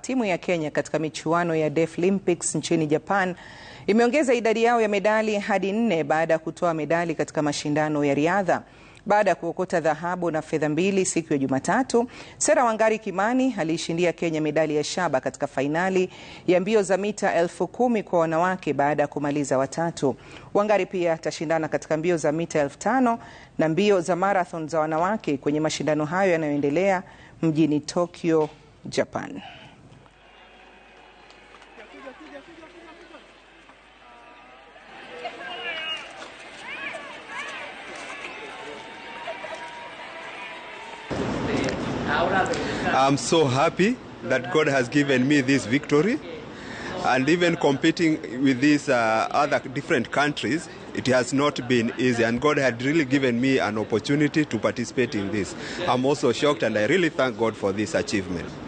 Timu ya Kenya katika michuano ya Deaflympics nchini Japan imeongeza idadi yao ya medali hadi nne baada ya kutoa medali katika mashindano ya riadha. Baada ya kuokota dhahabu na fedha mbili siku ya Jumatatu, sera Wangari Kimani aliishindia Kenya medali ya shaba katika fainali ya mbio za mita elfu kumi kwa wanawake baada ya kumaliza watatu. Wangari pia atashindana katika mbio za mita elfu tano na mbio za marathon za wanawake kwenye mashindano hayo yanayoendelea mjini Tokyo, Japan. I'm so happy that God has given me this victory. And even competing with these uh, other different countries, it has not been easy. And God had really given me an opportunity to participate in this. I'm also shocked and I really thank God for this achievement.